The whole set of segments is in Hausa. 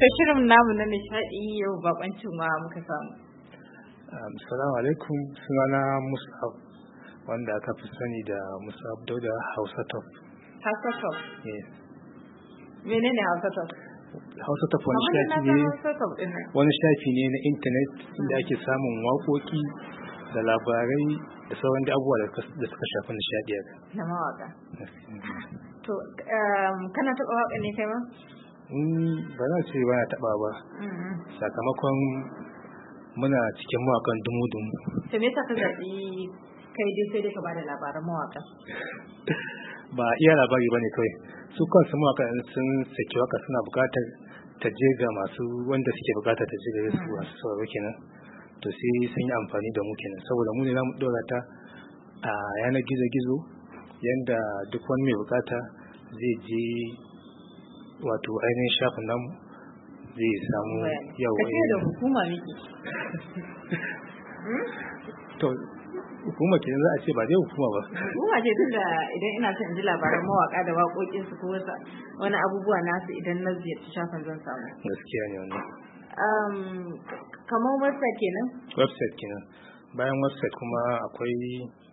ta shirin namu na nishadi yau bakoncin ma muka samu. Assalamu alaikum sunana Musab wanda aka fi sani da Musab Dauda Hausa Top. Hausa Top? Yes. Eh. Menene Hausa Top? Hausa Top wani shafi ne wani shafi ne na intanet inda ah. ake samun waƙoƙi da labarai da sauran da abubuwa da suka shafi nishadi. Na mawaƙa. To kana taɓa waƙa ne kai ma? ba na ce ba na taɓa ba mm-hmm. sakamakon muna cikin mawakan dumu-dumu me ka zaɓi kai dai sai dai ka bada labaran mawakan ba iya labari ba ne kawai su kansu mawakan sun saki waka suna bukatar ta je ga masu wanda suke buƙatar ta je ga yasu mm-hmm. masu sauraro kenan to sai sun yi amfani da mu kenan saboda mu ne za mu ɗora ta a yanar gizo-gizo yanda duk wani mai bukata zai je wato ainihin shafin nan zai samu yawa da hukuma ne to hukuma ke za a ce ba zai hukuma ba hukuma ce tun da idan ina son ji labaran mawaka da waƙoƙin su ko wani abubuwa nasu idan na ziyarci shafin zan samu gaskiya ne wannan um, kamar website kenan website kenan bayan website kuma akwai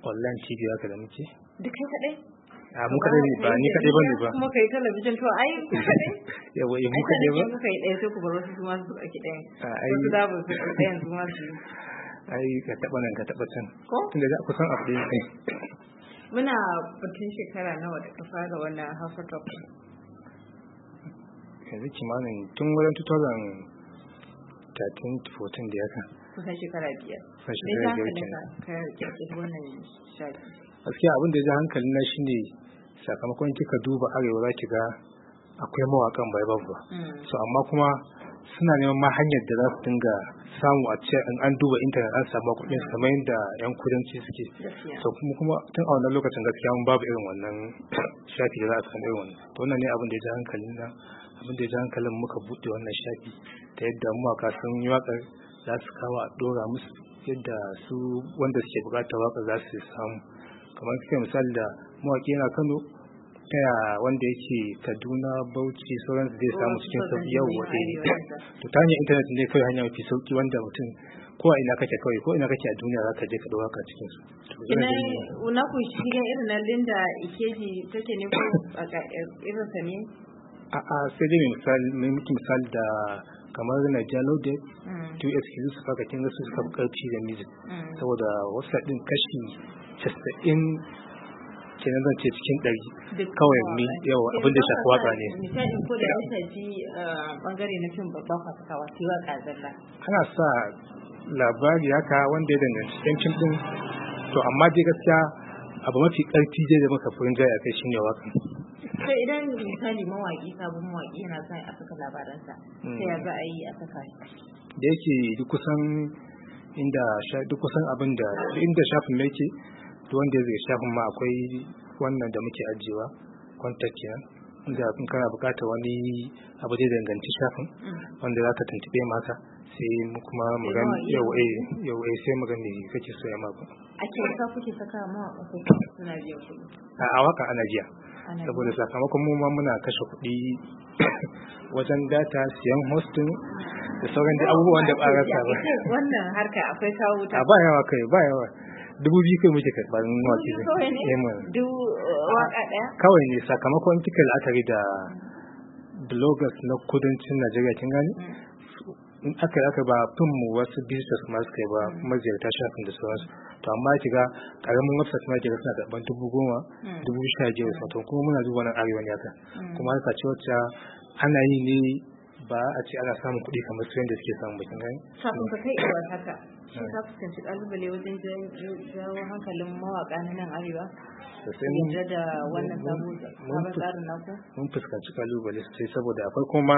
online tv haka da muke duk kai kadai a mu kadai ba ni kadai bane ba kuma kai talabijin to ai yawa eh, ba kai ɗaya sai ku bar wasu su su ɗauki ɗayan a su da ba su su ma su ai ka taɓa nan ka taɓa can tunda za ku san abu muna batun shekara nawa da ka fara wannan Hausa Cup yanzu kimanin tun wurin 2013-14 da ya kan kusan shekara biyar kusan shekara biyar kenan gaskiya abin da ya ji hankali na shine sakamakon kika duba arewa za ki ga akwai mawakan bai babba mm. so amma kuma suna neman ma hanyar da za su dinga samu a ce in an duba intanet an samu kuɗin kamar yadda yan kudanci suke so kuma kuma tun a wannan lokacin gaskiya mun babu irin wannan shafi da za a samu irin wannan to wannan ne abin da ya ji hankalin na abin da ya ji hankalin muka buɗe wannan shafi ta yadda mawaka sun yi waƙar za su kawo a ɗora musu yadda su wanda suke bukatar waƙar za su samu kamar suke misali da mawaƙi yana kano taya wanda yake kaduna bauchi sauran zai samu cikin sauki yau yi to ta hanyar intanet ne kawai hanya mafi sauki wanda mutum ko ina kake kawai ko ina kake a duniya za ka je ka ɗauka cikin su. Ina ku shiga irin nan Linda Ikeji take ne ko eh, irin sa ne? A'a sai dai misali mai misali da kamar na jalode mm. su faka kinga su suka karfi da music mm. saboda wasu din kashi casa'in ke zan ce cikin ɗari kawai mi eh. yawa abin da shafi waka ne ko da ji bangare eh, na fim babban ana sa labari haka wanda ya danganci yan ɗin, to amma dai gaskiya abu mafi ƙarfi dai da muka furin jaya kai shine waka to idan misali mawaƙi sabon mawaƙi yana sa a saka labaransa sai hmm. ya za a yi a saka da yake kusan inda duk kusan abin da inda shafin yake wanda zai shafin ma akwai wannan da muke ajiyewa contact kenan inda kun kana bukata wani abu da danganci shafin mm. wanda za ka tuntube maka sai kuma mu ga yau eh yau eh sai mu ga kake so ya maku. a ce ka kuke saka ma suna jiya kuɗi a waka ana jiya saboda sakamakon mu ma muna kashe kuɗi wajen data siyan hosting da sauran da abubuwan da ba rasa ba wannan harka akwai sawu ta ba yawa kai ba yawa dubu biyu kai muke karɓar eh, uh, waki kawai ne sakamakon kika la'akari da bloggers na kudancin najeriya kin gani mm. in aka aka ba fin mu wasu business masu kai ba mm. maziyarta shafin da sauransu to amma kiga karamin website ma kiga suna karban dubu goma mm. dubu sha biyar sautan kuma muna zuwa nan arewa ne haka kuma haka ce wacce ana yi ne ba a ce ana samun kuɗi kamar su yadda suke samun bakin gani. Kafin ka kai iwar haka ka fuskanci kalubale wajen jawo hankalin mawaka na nan arewa yadda da wannan sabon tsarin naku mun fuskanci kalubale sai saboda akwai kuma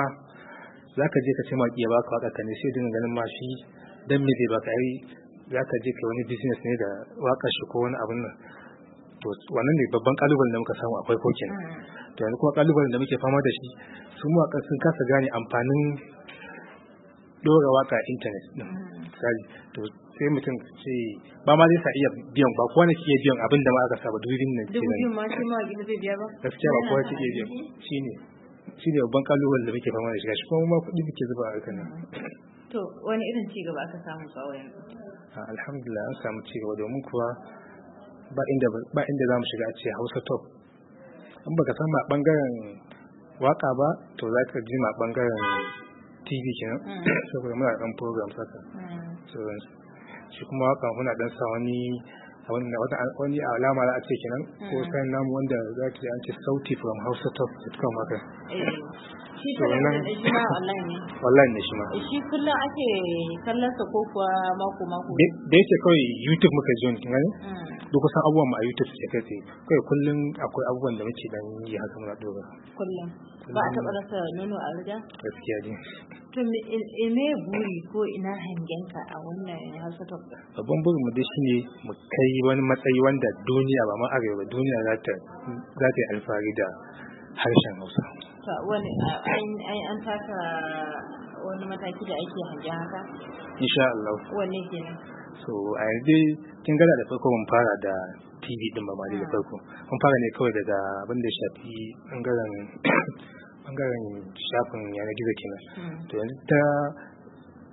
za ka je ka ce maƙiya ba ka waƙa ne sai dinga ganin ma shi dan me zai ba ka yi za ka je ka wani business ne da waƙar shi ko wani abin nan to wannan ne babban kalubalen da muka samu akwai kokin mm. to yanzu kuma kalubalen da muke fama da shi su mawaƙa sun kasa gane amfanin dora waka intanet din mm. misali to sai mutum ce ba ma zai sa iya biyan ba kowa ki ke biyan abin da ma aka saba dubin nan ke nan ma shi ma gida zai biya ba gaskiya ba kowa ke iya biyan shine shine babban kalubalen da muke fama da shi. shi kuma ma kuɗi muke zuba a kan nan mm. to wani irin ci gaba aka samu tsawon yanzu ah, alhamdulillah an samu ci gaba domin kuwa ba inda ba inda zamu shiga a ce Hausa top an baka san ma bangaren waka ba to zaka ji ma bangaren tv kenan mm. saboda muna dan program saka mm. so shi kuma haka muna dan sa wani wani alama da a ce kenan ko mm. sai namu wanda za ki an ce sauti from hausa top com haka eh. shi kuma da online ne online ne shi ma eh, shi kullum ake kallon sa ko kuwa mako mako dai ce kawai youtube muka ji wani kin gani duk kusan abubuwan mu ayyuka su kai tsaye kai kullum akwai abubuwan da muke dan yi haka muna doga kullum ba a taɓa rasa nono a riga gaskiya ne to eh, eh, me buri ko ina hangenka a wannan hausa top babban burin mu dai shine mu kai wani matsayi wanda duniya ba ma arewa duniya za ta za ta yi alfahari da harshen hausa wani an taka wani mataki da ake hangen haka insha Allah wanne gina? so a yanzu kin gada da farko mun fara da TV din ba ma da ah. farko mun fara ne kawai daga abin da shafi bangaren bangaren shafin yanar gizo kenan hmm. to yanzu ta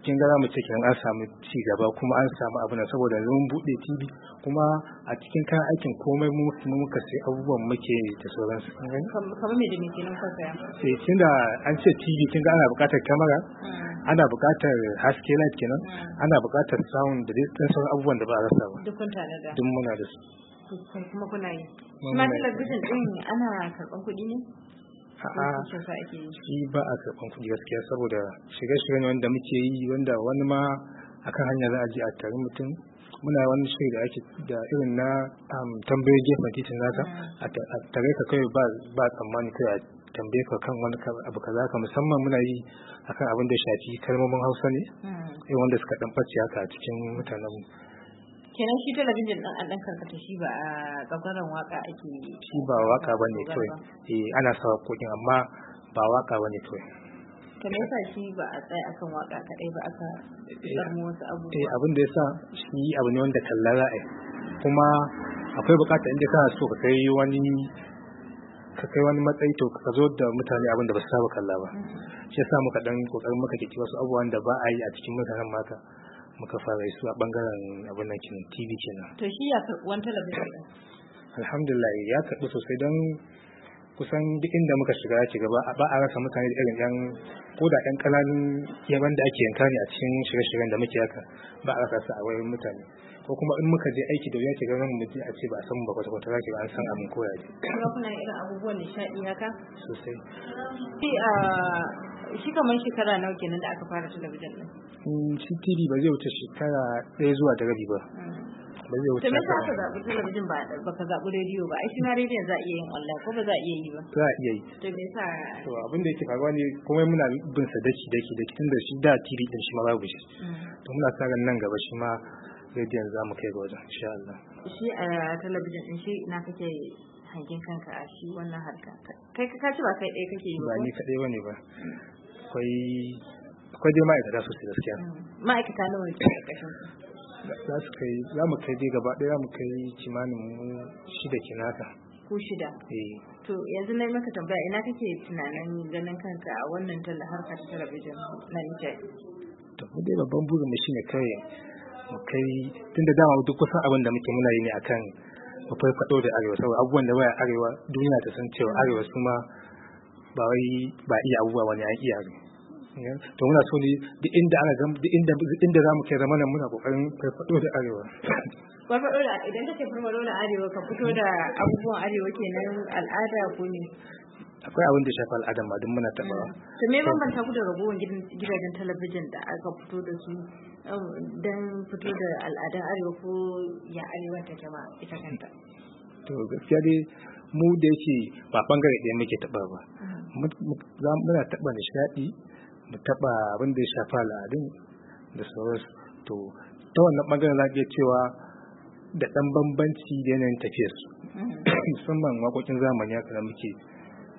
kin ga mu ce kin an samu ci gaba kuma an samu abu nan saboda mun bude TV kuma a cikin kan aikin komai mu muka sai abubuwan muke da sauransu kin kamar me da me kenan ka saya sai eh, tunda an ce TV kin ga ana buƙatar kamera hmm. ana buƙatar haske light kenan hmm. ana buƙatar sound da dai sauran abubuwan da ba a rasa ba dukkan tanada duk muna da su kuma kuna yi kuma talabijin din ana karɓar kuɗi ne shi ba a karɓan kuɗi gaskiya saboda shirye shiryen ne wanda muke yi wanda wani ma akan hanyar za a je a tare mutum muna wani shiri da ake da irin na tambayoyi gefen titin naka mm. a tare ka kai ba tsammani kai a tambaye ka kan wani abu kaza ka musamman muna yi akan abin da shafi kalmomin hausa ne mm. irin wanda suka dan face haka a cikin mutanen mu kenan shi talabijin ɗan an ɗan karkata shi ba a waka ake shi ba waka ba ne kawai eh ana sawa kokin amma ba waka ba ne kawai ka yasa shi ba a tsaya akan waka kaɗai ba aka samu wasu abubuwa eh abin da yasa shi abu ne wanda kalla ra'ayi kuma akwai bukata inda kana so ka kai wani ka kai wani matsayi to ka zo da mutane abin da ba su saba kalla ba mm-hmm. shi yasa muka dan kokarin muka kike wasu abubuwan da ba a yi a cikin mutanen mata. muka fara isu a bangaren abin nan kin TV kenan to shi ya wani talabijin alhamdulillah ya karɓi sosai don kusan duk inda muka shiga ya gaba ba a rasa mutane da irin yan ko da yan kananun yaban da ake yanka ne a cikin shirye-shiryen da muke haka ba a rasa a wayoyin mutane ko kuma in muka je aiki da wuya ke mu mutum a ce ba a san ba kwata kwata zaki ba an san abin koya ce. Kuma kuna irin abubuwan nishaɗi haka? Sosai. Ah, shi kamar shekara nawa kenan da aka fara talabijin din mm, shi tv ba zai wuce shekara ɗaya zuwa da rabi ba mm. ba zai wuce shekara ka zaɓi talabijin ba ba ka zaɓi rediyo ba ai shi ma rediyon za a iya yin online ko ba za a iya yi ba za a iya yi to me yasa to abin da yake faruwa ne kuma muna bin sa daki daki daki da shi da tv din shi ma babu shi mm. to muna sa ran nan gaba shi ma rediyon za mu kai ga wajen insha Allah shi a eh, talabijin din shi ina kake hangen kanka a shi wannan harka kai ka ci ba kai ɗaya kake yi ba ni kaɗai ba ne ba akwai akwai dai ma'aikata su gaskiya mm. ma'aikata nawa wani ƙarƙashin za su kai za mu kai dai gaba ɗaya mu kai kimanin mu shida kinaka ko shida eh. to yanzu na yi maka tambaya ina kake tunanin ganin kanka a wannan talla harkar talabijin na Nijar to mu dai babban burin mu shine kai mu kai tunda dama duk kusan abin da muke muna yi ne akan mu farfado da arewa saboda abubuwan da waya arewa duniya ta san cewa arewa su ma ba wai ba iya abubuwa wani an iya ne to muna so ne duk inda ana duk inda duk inda zamu kai zamanin muna kokarin farfado da arewa farfado da idan farfado da arewa ka fito da abubuwan arewa kenan al'ada ko ne akwai abin da shafi al'adar ma duk muna tabawa to me bambanta ku da ragowar gidajen talabijin da aka fito da su um, dan fito da arewa ko ya arewa ta ita kanta to gaskiya dai mu da yake ba bangare ɗaya nake taɓa ba muna taɓa nishaɗi mu taɓa abin da ya shafa al'adun da sauransu to ta wannan ɓangaren za ka cewa da ɗan bambanci da yanayin tafiyar su mm. musamman waƙoƙin zamani haka da muke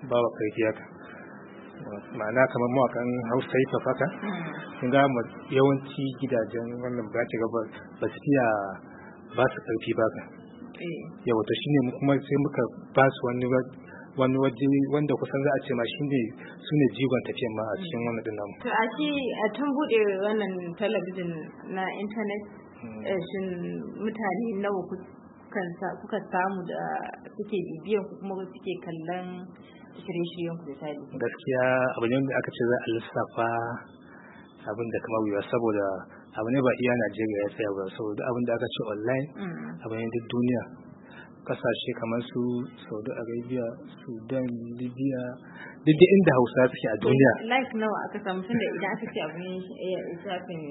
ba wa karfi haka ma'ana kamar mawakan hausa yi tafaka sun ga yawanci gidajen wannan ba ki gaba ba su fiya ba su karfi ba ka eh. yawata shi ne kuma sai muka ba su wani wani waje wanda kusan za a ce ma shi ne su ne jigon tafiyan ma a cikin wani din namu. To a shi a tun buɗe wannan talabijin na intanet hmm. eh, shi mutane nawa kuka samu da suke bibiyan ku kuma suke kallon shirye-shiryen ku misali. Gaskiya abu ne aka ce za a lissafa abin da kamar wuya saboda abu ne ba iya Najeriya ya tsaya ba saboda abin da aka ce online hmm. abu ne duk duniya kasashe kamar su saudi arabia sudan libya duk inda hausa suke a duniya like now a kasa mutum da idan aka ce abin eh, shafin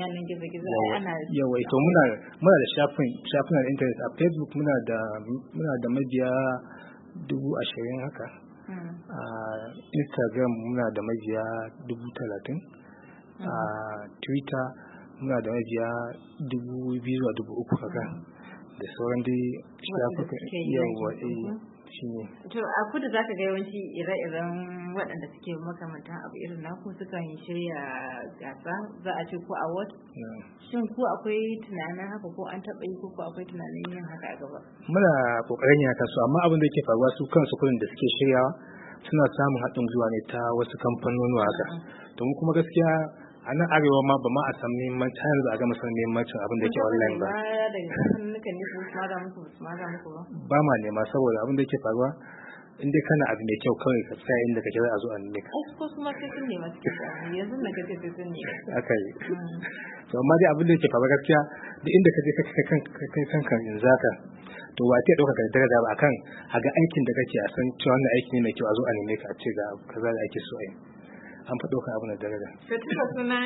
yanar gizo gizo ana yawa ito muna muna da shafin shafin na internet a facebook muna da muna da mabiya dubu ashirin haka hmm. a instagram muna da mabiya dubu talatin a hmm. twitter muna da mabiya dubu biyu zuwa dubu uku haka hmm. da sauran dai shafukan yawa shi ne. To a kudu za ka ga yawanci ire-iren waɗanda suke makamantan abu irin naku sukan shirya gasa za a ce ko a wata Shin ko akwai tunanin haka ko an taɓa yi ko ko akwai tunanin yin haka a gaba? Muna ƙoƙarin yin haka su amma abin da yake faruwa su kansu kudin da suke shiryawa suna samun haɗin zuwa ne ta wasu kamfanonuwa haka. To kuma gaskiya a nan arewa ma ba ma a san neman har yanzu a ga masan neman abin da ke online ba ba ma nema saboda abin da ke faruwa in dai kana abu mai kyau kawai ka tsaya inda kake a zo a nemi ka ko kuma sai sun nema yanzu na kace sai sun nema aka yi hmm. to amma dai abin da yake faruwa gaskiya duk inda kaje ka kai kan kan kan in zaka to ba ta dauka kaddara da ba akan a ga aikin da kake a san cewa wannan aiki ne mai kyau a zo a nemi ka a ce ga kaza da ake so a yi an fi kan abin da daraja. suna tunda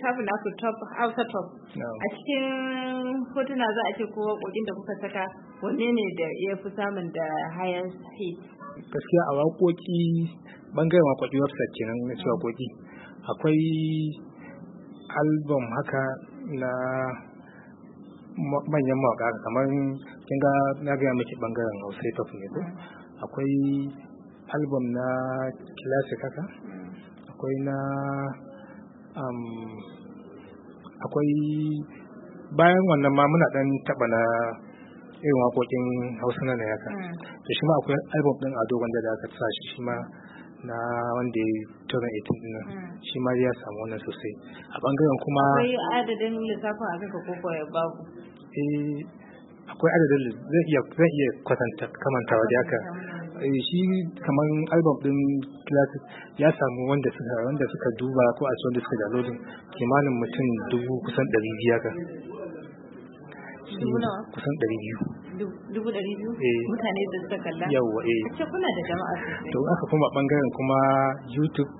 shafi shafin su top top. A cikin hotuna za a ce kowa waƙoƙin da kuka saka wanne ne da ya fi samun da hayan hit? Gaskiya a waƙoƙi bangaren waƙoƙi website kenan na su waƙoƙi. Akwai album haka na manyan mawaƙa kamar kin ga na gaya miki bangaren Hausa top ne ko? Mm. Akwai album na classic haka. akwai na akwai bayan wannan ma muna dan taba na irin waƙoƙin hausa na na yaka hmm. to shi ma akwai album din ado wanda da aka sa shi ma na wanda ya tura 18 din shi ma ya samu wannan sosai a bangaren kuma akwai adadin lissafin a kanka koko ya babu eh akwai adadin zai iya kwatanta kamantawa da haka Eh, shi kamar album din classic ya samu wanda suka wanda suka duba ko a wanda suka downloading kimanin mutum dubu kusan ɗari biyar ka kusan ɗari biyu dubu ɗari biyu eh. mutane da suka kalla yawwa eh kuna da jama'a to aka kuma bangaren kuma youtube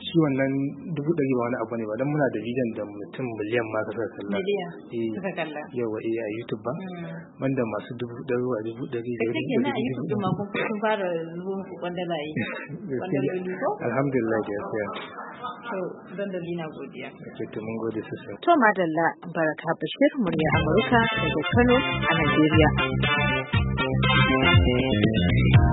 shi wannan dubu ɗari ba wani abu ne ba don muna da bidiyon da mutum miliyan ma ka kalla eh, suka kalla yawa eh a youtube ba wanda mm. masu dubu ɗari a dubu ɗari da dubu na a youtube ma kun fara zuwa ku kwandala yi kwandaloli ko alhamdulillah da yasiya to dandali na godiya ake tumin mun gode sosai to madalla baraka bashir murya amurka daga kano a najeriya Thank you.